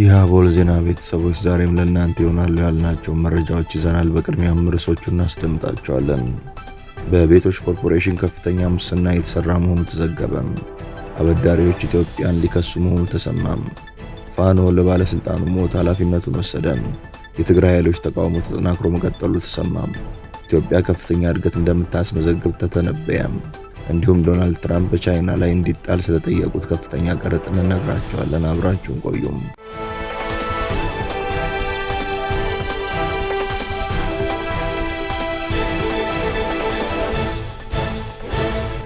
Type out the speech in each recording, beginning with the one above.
የአቦል ዜና ቤተሰቦች ዛሬም ለእናንተ ይሆናሉ ያልናቸው መረጃዎች ይዘናል። በቅድሚያም ርዕሶቹ እናስደምጣቸዋለን። በቤቶች ኮርፖሬሽን ከፍተኛ ሙስና የተሰራ መሆኑ ተዘገበም። አበዳሪዎች ኢትዮጵያን ሊከሱ መሆኑ ተሰማም። ፋኖ ለባለሥልጣኑ ሞት ኃላፊነቱን ወሰደም። የትግራይ ኃይሎች ተቃውሞ ተጠናክሮ መቀጠሉ ተሰማም። ኢትዮጵያ ከፍተኛ እድገት እንደምታስመዘግብ ተተነበየም። እንዲሁም ዶናልድ ትራምፕ በቻይና ላይ እንዲጣል ስለጠየቁት ከፍተኛ ቀረጥ እንነግራቸዋለን። አብራችሁን ቆዩም።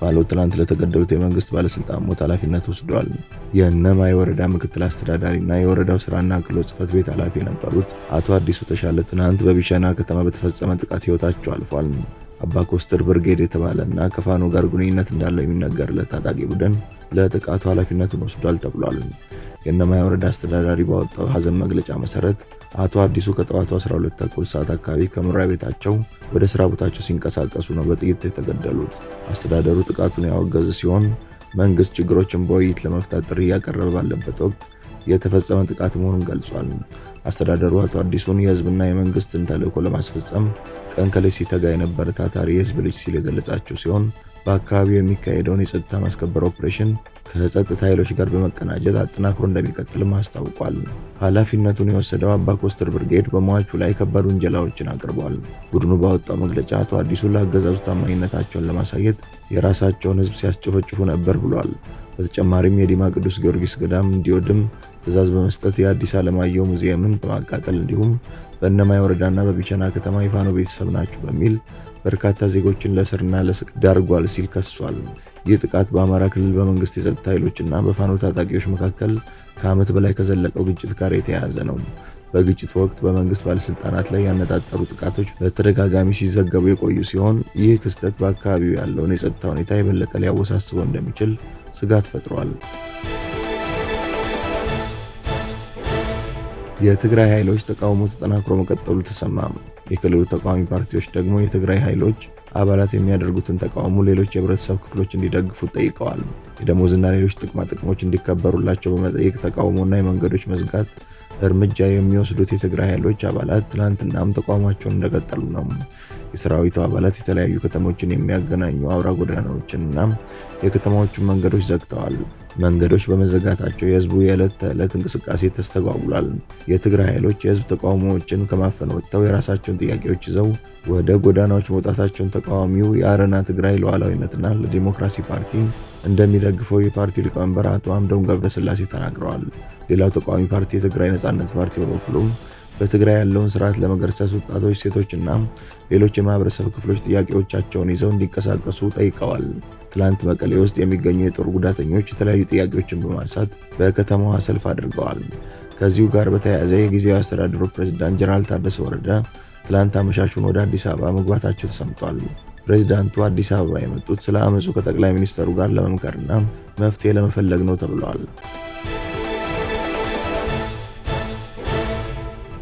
ባለው ትናንት ለተገደሉት የመንግስት ባለስልጣን ሞት ኃላፊነት ወስደዋል። የእነማይ ወረዳ ምክትል አስተዳዳሪና የወረዳው ስራና ክህሎት ጽህፈት ቤት ኃላፊ የነበሩት አቶ አዲሱ ተሻለ ትናንት በቢሻና ከተማ በተፈጸመ ጥቃት ህይወታቸው አልፏል። አባ ኮስተር ብርጌድ የተባለና ከፋኖ ጋር ግንኙነት እንዳለው የሚነገርለት ታጣቂ ቡድን ለጥቃቱ ኃላፊነቱን ወስዷል ተብሏል። የእነማይ ወረዳ አስተዳዳሪ ባወጣው ሀዘን መግለጫ መሰረት አቶ አዲሱ ከጠዋቱ 12 ተኩል ሰዓት አካባቢ ከመኖሪያ ቤታቸው ወደ ስራ ቦታቸው ሲንቀሳቀሱ ነው በጥይት የተገደሉት። አስተዳደሩ ጥቃቱን ያወገዘ ሲሆን መንግስት ችግሮችን በውይይት ለመፍታት ጥሪ እያቀረበ ባለበት ወቅት የተፈጸመ ጥቃት መሆኑን ገልጿል። አስተዳደሩ አቶ አዲሱን የህዝብና የመንግስትን ተልእኮ ለማስፈጸም ቀን ከሌት ሲተጋ የነበረ ታታሪ የህዝብ ልጅ ሲል የገለጻቸው ሲሆን በአካባቢው የሚካሄደውን የጸጥታ ማስከበር ኦፕሬሽን ከጸጥታ ኃይሎች ጋር በመቀናጀት አጠናክሮ እንደሚቀጥልም አስታውቋል። ኃላፊነቱን የወሰደው አባ ኮስተር ብርጌድ በሟቹ ላይ ከባድ ውንጀላዎችን አቅርቧል። ቡድኑ ባወጣው መግለጫ አቶ አዲሱ ለአገዛዙ ታማኝነታቸውን ለማሳየት የራሳቸውን ሕዝብ ሲያስጨፈጭፉ ነበር ብሏል። በተጨማሪም የዲማ ቅዱስ ጊዮርጊስ ገዳም እንዲወድም ትዕዛዝ በመስጠት የአዲስ አለማየሁ ሙዚየምን በማቃጠል እንዲሁም በእነማይ ወረዳና በቢቸና ከተማ ይፋኖ ቤተሰብ ናቸው በሚል በርካታ ዜጎችን ለእስርና ለስቅ ዳርጓል ሲል ከሷል። ይህ ጥቃት በአማራ ክልል በመንግስት የጸጥታ ኃይሎችና በፋኖ ታጣቂዎች መካከል ከዓመት በላይ ከዘለቀው ግጭት ጋር የተያያዘ ነው። በግጭት ወቅት በመንግስት ባለስልጣናት ላይ ያነጣጠሩ ጥቃቶች በተደጋጋሚ ሲዘገቡ የቆዩ ሲሆን ይህ ክስተት በአካባቢው ያለውን የጸጥታ ሁኔታ የበለጠ ሊያወሳስበው እንደሚችል ስጋት ፈጥሯል። የትግራይ ኃይሎች ተቃውሞ ተጠናክሮ መቀጠሉ ተሰማም። የክልሉ ተቃዋሚ ፓርቲዎች ደግሞ የትግራይ ኃይሎች አባላት የሚያደርጉትን ተቃውሞ ሌሎች የህብረተሰብ ክፍሎች እንዲደግፉ ጠይቀዋል። የደሞዝና ሌሎች ጥቅማ ጥቅሞች እንዲከበሩላቸው በመጠየቅ ተቃውሞና የመንገዶች መዝጋት እርምጃ የሚወስዱት የትግራይ ኃይሎች አባላት ትናንትናም ተቋማቸውን እንደቀጠሉ ነው። የሰራዊቱ አባላት የተለያዩ ከተሞችን የሚያገናኙ አውራ ጎዳናዎችንና የከተማዎቹን መንገዶች ዘግተዋል። መንገዶች በመዘጋታቸው የህዝቡ የዕለት ተዕለት እንቅስቃሴ ተስተጓጉሏል። የትግራይ ኃይሎች የህዝብ ተቃውሞዎችን ከማፈን ወጥተው የራሳቸውን ጥያቄዎች ይዘው ወደ ጎዳናዎች መውጣታቸውን ተቃዋሚው የአረና ትግራይ ለዋላዊነትና ለዲሞክራሲ ፓርቲ እንደሚደግፈው የፓርቲው ሊቀመንበር አቶ አምደውን ገብረስላሴ ተናግረዋል። ሌላው ተቃዋሚ ፓርቲ የትግራይ ነጻነት ፓርቲ በበኩሉም በትግራይ ያለውን ስርዓት ለመገርሰስ ወጣቶች፣ ሴቶችና ሌሎች የማህበረሰብ ክፍሎች ጥያቄዎቻቸውን ይዘው እንዲንቀሳቀሱ ጠይቀዋል። ትላንት መቀሌ ውስጥ የሚገኙ የጦር ጉዳተኞች የተለያዩ ጥያቄዎችን በማንሳት በከተማዋ ሰልፍ አድርገዋል። ከዚሁ ጋር በተያያዘ የጊዜያዊ አስተዳደሩ ፕሬዝዳንት ጀነራል ታደሰ ወረደ ትላንት አመሻሹን ወደ አዲስ አበባ መግባታቸው ተሰምቷል። ፕሬዚዳንቱ አዲስ አበባ የመጡት ስለ አመፁ ከጠቅላይ ሚኒስትሩ ጋር ለመምከርና መፍትሄ ለመፈለግ ነው ተብለዋል።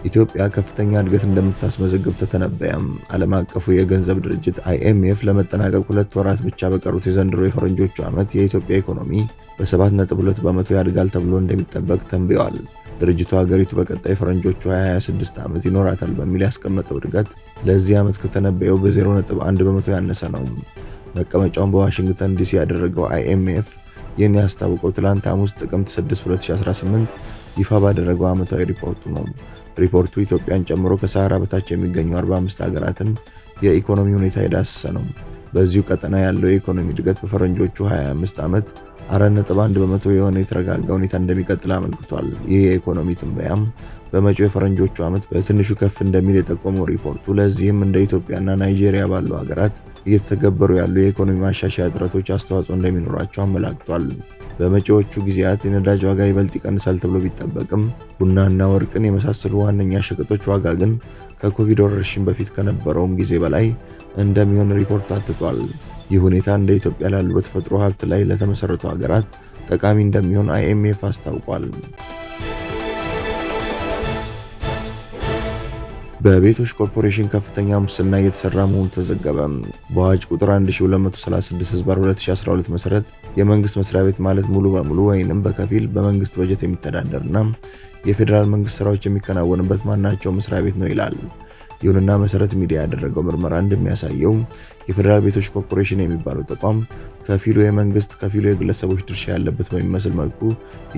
ኢትዮጵያ ከፍተኛ እድገት እንደምታስመዘግብ ተተነበየም። ዓለም አቀፉ የገንዘብ ድርጅት አይኤምኤፍ ለመጠናቀቅ ሁለት ወራት ብቻ በቀሩት የዘንድሮ የፈረንጆቹ ዓመት የኢትዮጵያ ኢኮኖሚ በ7.2 በመቶ ያድጋል ተብሎ እንደሚጠበቅ ተንብየዋል። ድርጅቱ ሀገሪቱ በቀጣይ ፈረንጆቹ 2026 ዓመት ይኖራታል በሚል ያስቀመጠው እድገት ለዚህ ዓመት ከተነበየው በ0.1 በመቶ ያነሰ ነው። መቀመጫውን በዋሽንግተን ዲሲ ያደረገው አይኤምኤፍ ይህን ያስታውቀው ትላንት ሐሙስ ጥቅምት 6 2018 ይፋ ባደረገው ዓመታዊ ሪፖርቱ ነው። ሪፖርቱ ኢትዮጵያን ጨምሮ ከሰሃራ በታች የሚገኙ 45 ሀገራትን የኢኮኖሚ ሁኔታ የዳሰሰ ነው። በዚሁ ቀጠና ያለው የኢኮኖሚ እድገት በፈረንጆቹ 25 ዓመት 4.1 በመቶ የሆነ የተረጋጋ ሁኔታ እንደሚቀጥል አመልክቷል። ይህ የኢኮኖሚ ትንበያም በመጪው የፈረንጆቹ ዓመት በትንሹ ከፍ እንደሚል የጠቆመው ሪፖርቱ ለዚህም እንደ ኢትዮጵያና ናይጄሪያ ባሉ ሀገራት እየተተገበሩ ያሉ የኢኮኖሚ ማሻሻያ ጥረቶች አስተዋጽኦ እንደሚኖራቸው አመላክቷል። በመጪዎቹ ጊዜያት የነዳጅ ዋጋ ይበልጥ ይቀንሳል ተብሎ ቢጠበቅም ቡናና ወርቅን የመሳሰሉ ዋነኛ ሸቀጦች ዋጋ ግን ከኮቪድ ወረርሽኝ በፊት ከነበረውም ጊዜ በላይ እንደሚሆን ሪፖርት አትቷል። ይህ ሁኔታ እንደ ኢትዮጵያ ላሉ በተፈጥሮ ሀብት ላይ ለተመሰረቱ ሀገራት ጠቃሚ እንደሚሆን አይኤምኤፍ አስታውቋል። በቤቶች ኮርፖሬሽን ከፍተኛ ሙስና እየተሰራ መሆኑ ተዘገበ። በአዋጅ ቁጥር 1236 2012 መሰረት የመንግስት መስሪያ ቤት ማለት ሙሉ በሙሉ ወይንም በከፊል በመንግስት በጀት የሚተዳደርና የፌዴራል መንግስት ስራዎች የሚከናወንበት ማናቸው መስሪያ ቤት ነው ይላል። ይሁንና መሰረት ሚዲያ ያደረገው ምርመራ እንደሚያሳየው የፌዴራል ቤቶች ኮርፖሬሽን የሚባለው ተቋም ከፊሉ የመንግስት ከፊሉ የግለሰቦች ድርሻ ያለበት በሚመስል መልኩ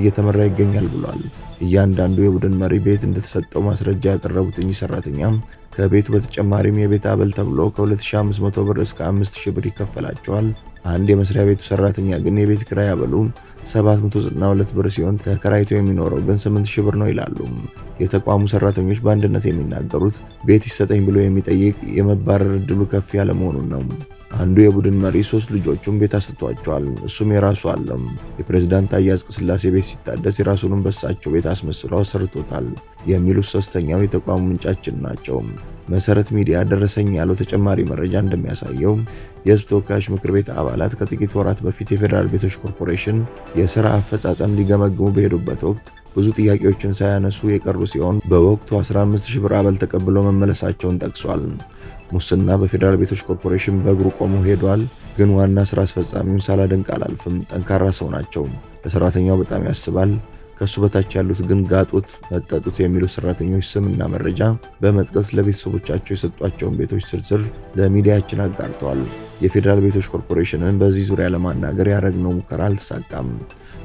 እየተመራ ይገኛል ብሏል። እያንዳንዱ የቡድን መሪ ቤት እንደተሰጠው ማስረጃ ያቀረቡት እኚህ ሰራተኛ ከቤት በተጨማሪም የቤት አበል ተብሎ ከ2500 ብር እስከ 5000 ብር ይከፈላቸዋል። አንድ የመስሪያ ቤቱ ሰራተኛ ግን የቤት ክራይ አበሉ 792 ብር ሲሆን ተከራይቶ የሚኖረው ግን 8000 ብር ነው ይላሉ። የተቋሙ ሰራተኞች በአንድነት የሚናገሩት ቤት ይሰጠኝ ብሎ የሚጠይቅ የመባረር እድሉ ከፍ ያለ መሆኑን ነው። አንዱ የቡድን መሪ ሶስት ልጆቹን ቤት አስጥቷቸዋል። እሱም የራሱ አለም። የፕሬዝዳንት ታዬ አጽቀሥላሴ ቤት ሲታደስ የራሱንም በሳቸው ቤት አስመስሎ አሰርቶታል የሚሉት ሶስተኛው የተቋሙ ምንጫችን ናቸው። መሰረት ሚዲያ ደረሰኝ ያለው ተጨማሪ መረጃ እንደሚያሳየው የህዝብ ተወካዮች ምክር ቤት አባላት ከጥቂት ወራት በፊት የፌዴራል ቤቶች ኮርፖሬሽን የሥራ አፈጻጸም ሊገመግሙ በሄዱበት ወቅት ብዙ ጥያቄዎችን ሳያነሱ የቀሩ ሲሆን በወቅቱ 15 ሺህ ብር አበል ተቀብለው መመለሳቸውን ጠቅሷል። ሙስና በፌዴራል ቤቶች ኮርፖሬሽን በእግሩ ቆሞ ሄዷል፣ ግን ዋና ስራ አስፈጻሚውን ሳላደንቅ አላልፍም። ጠንካራ ሰው ናቸው። ለሰራተኛው በጣም ያስባል። ከእሱ በታች ያሉት ግን ጋጡት፣ መጠጡት የሚሉ ሰራተኞች ስም እና መረጃ በመጥቀስ ለቤተሰቦቻቸው የሰጧቸውን ቤቶች ዝርዝር ለሚዲያችን አጋርተዋል። የፌዴራል ቤቶች ኮርፖሬሽንን በዚህ ዙሪያ ለማናገር ያደረግነው ሙከራ አልተሳካም።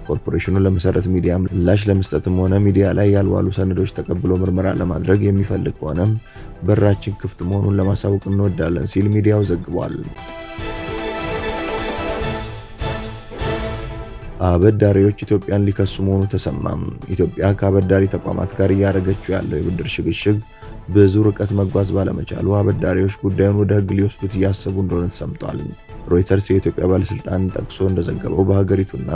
ኮርፖሬሽኑ ለመሰረት ሚዲያ ምላሽ ለመስጠትም ሆነ ሚዲያ ላይ ያልዋሉ ሰነዶች ተቀብሎ ምርመራ ለማድረግ የሚፈልግ ከሆነ በራችን ክፍት መሆኑን ለማሳወቅ እንወዳለን ሲል ሚዲያው ዘግቧል። አበዳሪዎች ኢትዮጵያን ሊከሱ መሆኑ ተሰማም። ኢትዮጵያ ከአበዳሪ ተቋማት ጋር እያደረገችው ያለው የብድር ሽግሽግ ብዙ ርቀት መጓዝ ባለመቻሉ አበዳሪዎች ጉዳዩን ወደ ህግ ሊወስዱት እያሰቡ እንደሆነ ተሰምቷል። ሮይተርስ የኢትዮጵያ ባለስልጣን ጠቅሶ እንደዘገበው በሀገሪቱና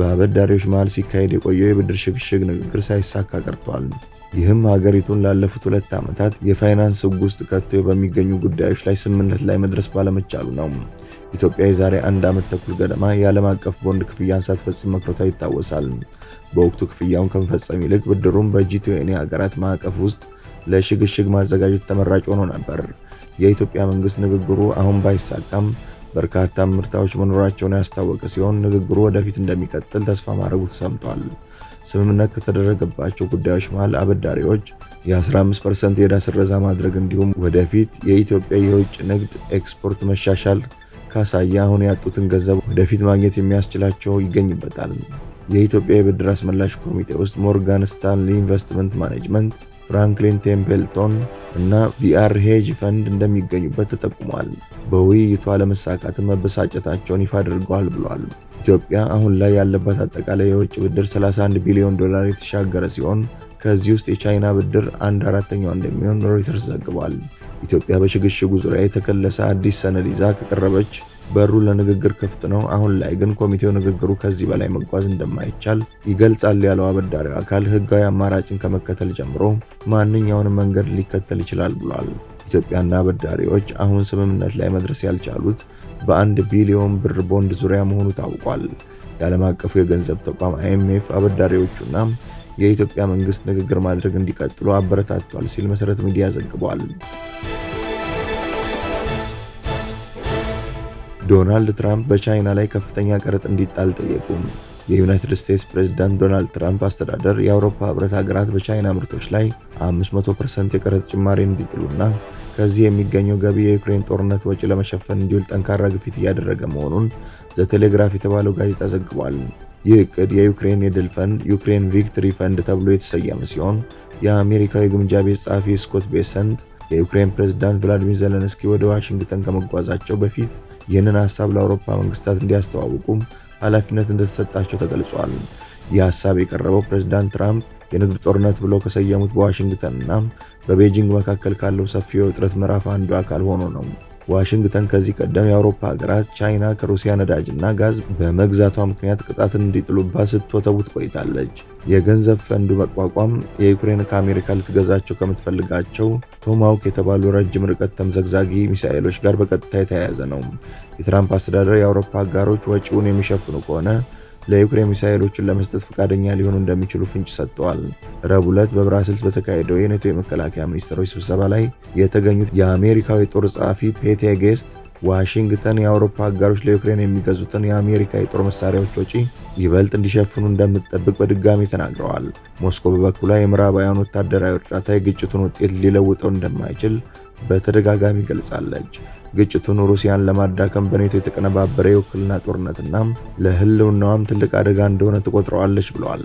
በአበዳሪዎች መሀል ሲካሄድ የቆየው የብድር ሽግሽግ ንግግር ሳይሳካ ቀርቷል። ይህም ሀገሪቱን ላለፉት ሁለት ዓመታት የፋይናንስ ህግ ውስጥ ከቶ በሚገኙ ጉዳዮች ላይ ስምምነት ላይ መድረስ ባለመቻሉ ነው። ኢትዮጵያ የዛሬ አንድ ዓመት ተኩል ገደማ የዓለም አቀፍ ቦንድ ክፍያን ሳትፈጽም መክረቷ ይታወሳል። በወቅቱ ክፍያውን ከመፈጸም ይልቅ ብድሩን በጂ ሀገራት ማዕቀፍ ውስጥ ለሽግሽግ ማዘጋጀት ተመራጭ ሆኖ ነበር። የኢትዮጵያ መንግስት ንግግሩ አሁን ባይሳካም በርካታ ምርታዎች መኖራቸውን ያስታወቀ ሲሆን ንግግሩ ወደፊት እንደሚቀጥል ተስፋ ማድረጉ ተሰምቷል። ስምምነት ከተደረገባቸው ጉዳዮች መሃል አበዳሪዎች የ15% የዕዳ ስረዛ ማድረግ እንዲሁም ወደፊት የኢትዮጵያ የውጭ ንግድ ኤክስፖርት መሻሻል ካሳየ አሁን ያጡትን ገንዘብ ወደፊት ማግኘት የሚያስችላቸው ይገኝበታል። የኢትዮጵያ የብድር አስመላሽ ኮሚቴ ውስጥ ሞርጋን ስታንሊ ኢንቨስትመንት ማኔጅመንት ፍራንክሊን ቴምፕልቶን እና ቪአር ሄጅ ፈንድ እንደሚገኙበት ተጠቁሟል። በውይይቱ አለመሳካት መበሳጨታቸውን ይፋ አድርገዋል ብሏል። ኢትዮጵያ አሁን ላይ ያለባት አጠቃላይ የውጭ ብድር 31 ቢሊዮን ዶላር የተሻገረ ሲሆን ከዚህ ውስጥ የቻይና ብድር አንድ አራተኛው እንደሚሆን ሮይተርስ ዘግቧል። ኢትዮጵያ በሽግሽጉ ዙሪያ የተከለሰ አዲስ ሰነድ ይዛ ከቀረበች በሩ ለንግግር ክፍት ነው። አሁን ላይ ግን ኮሚቴው ንግግሩ ከዚህ በላይ መጓዝ እንደማይቻል ይገልጻል ያለው አበዳሪው አካል ህጋዊ አማራጭን ከመከተል ጀምሮ ማንኛውንም መንገድ ሊከተል ይችላል ብሏል። ኢትዮጵያና አበዳሪዎች አሁን ስምምነት ላይ መድረስ ያልቻሉት በአንድ ቢሊዮን ብር ቦንድ ዙሪያ መሆኑ ታውቋል። የዓለም አቀፉ የገንዘብ ተቋም አይኤምኤፍ አበዳሪዎቹና የኢትዮጵያ መንግስት ንግግር ማድረግ እንዲቀጥሉ አበረታቷል ሲል መሰረት ሚዲያ ዘግቧል። ዶናልድ ትራምፕ በቻይና ላይ ከፍተኛ ቀረጥ እንዲጣል ጠየቁ። የዩናይትድ ስቴትስ ፕሬዝዳንት ዶናልድ ትራምፕ አስተዳደር የአውሮፓ ህብረት ሀገራት በቻይና ምርቶች ላይ 500% የቀረጥ ጭማሪ እንዲጥሉና ከዚህ የሚገኘው ገቢ የዩክሬን ጦርነት ወጪ ለመሸፈን እንዲውል ጠንካራ ግፊት እያደረገ መሆኑን ዘቴሌግራፍ የተባለው ጋዜጣ ዘግቧል። ይህ እቅድ የዩክሬን የድል ፈንድ ዩክሬን ቪክትሪ ፈንድ ተብሎ የተሰየመ ሲሆን የአሜሪካዊ ግምጃ ቤት ጸሐፊ ስኮት ቤሰንት የዩክሬን ፕሬዝዳንት ቭላዲሚር ዘለንስኪ ወደ ዋሽንግተን ከመጓዛቸው በፊት ይህንን ሀሳብ ለአውሮፓ መንግስታት እንዲያስተዋውቁም ኃላፊነት እንደተሰጣቸው ተገልጿል። ይህ ሀሳብ የቀረበው ፕሬዝዳንት ትራምፕ የንግድ ጦርነት ብለው ከሰየሙት በዋሽንግተን እና በቤጂንግ መካከል ካለው ሰፊ የውጥረት ምዕራፍ አንዱ አካል ሆኖ ነው። ዋሽንግተን ከዚህ ቀደም የአውሮፓ ሀገራት ቻይና ከሩሲያ ነዳጅና ጋዝ በመግዛቷ ምክንያት ቅጣትን እንዲጥሉባት ስትወተውት ቆይታለች። የገንዘብ ፈንዱ መቋቋም የዩክሬን ከአሜሪካ ልትገዛቸው ከምትፈልጋቸው ቶማውክ የተባሉ ረጅም ርቀት ተምዘግዛጊ ሚሳኤሎች ጋር በቀጥታ የተያያዘ ነው። የትራምፕ አስተዳደር የአውሮፓ አጋሮች ወጪውን የሚሸፍኑ ከሆነ ለዩክሬን ሚሳኤሎቹን ለመስጠት ፈቃደኛ ሊሆኑ እንደሚችሉ ፍንጭ ሰጥተዋል። ረቡዕ ዕለት በብራስልስ በተካሄደው የኔቶ የመከላከያ ሚኒስትሮች ስብሰባ ላይ የተገኙት የአሜሪካዊ ጦር ጸሐፊ ፔቴ ጌስት ዋሽንግተን የአውሮፓ አጋሮች ለዩክሬን የሚገዙትን የአሜሪካ የጦር መሳሪያዎች ወጪ ይበልጥ እንዲሸፍኑ እንደምትጠብቅ በድጋሚ ተናግረዋል። ሞስኮ በበኩሏ የምዕራባውያን ወታደራዊ እርዳታ የግጭቱን ውጤት ሊለውጠው እንደማይችል በተደጋጋሚ ገልጻለች። ግጭቱን ሩሲያን ለማዳከም በኔቶ የተቀነባበረ የውክልና ጦርነትና ለሕልውናዋም ትልቅ አደጋ እንደሆነ ትቆጥረዋለች ብለዋል።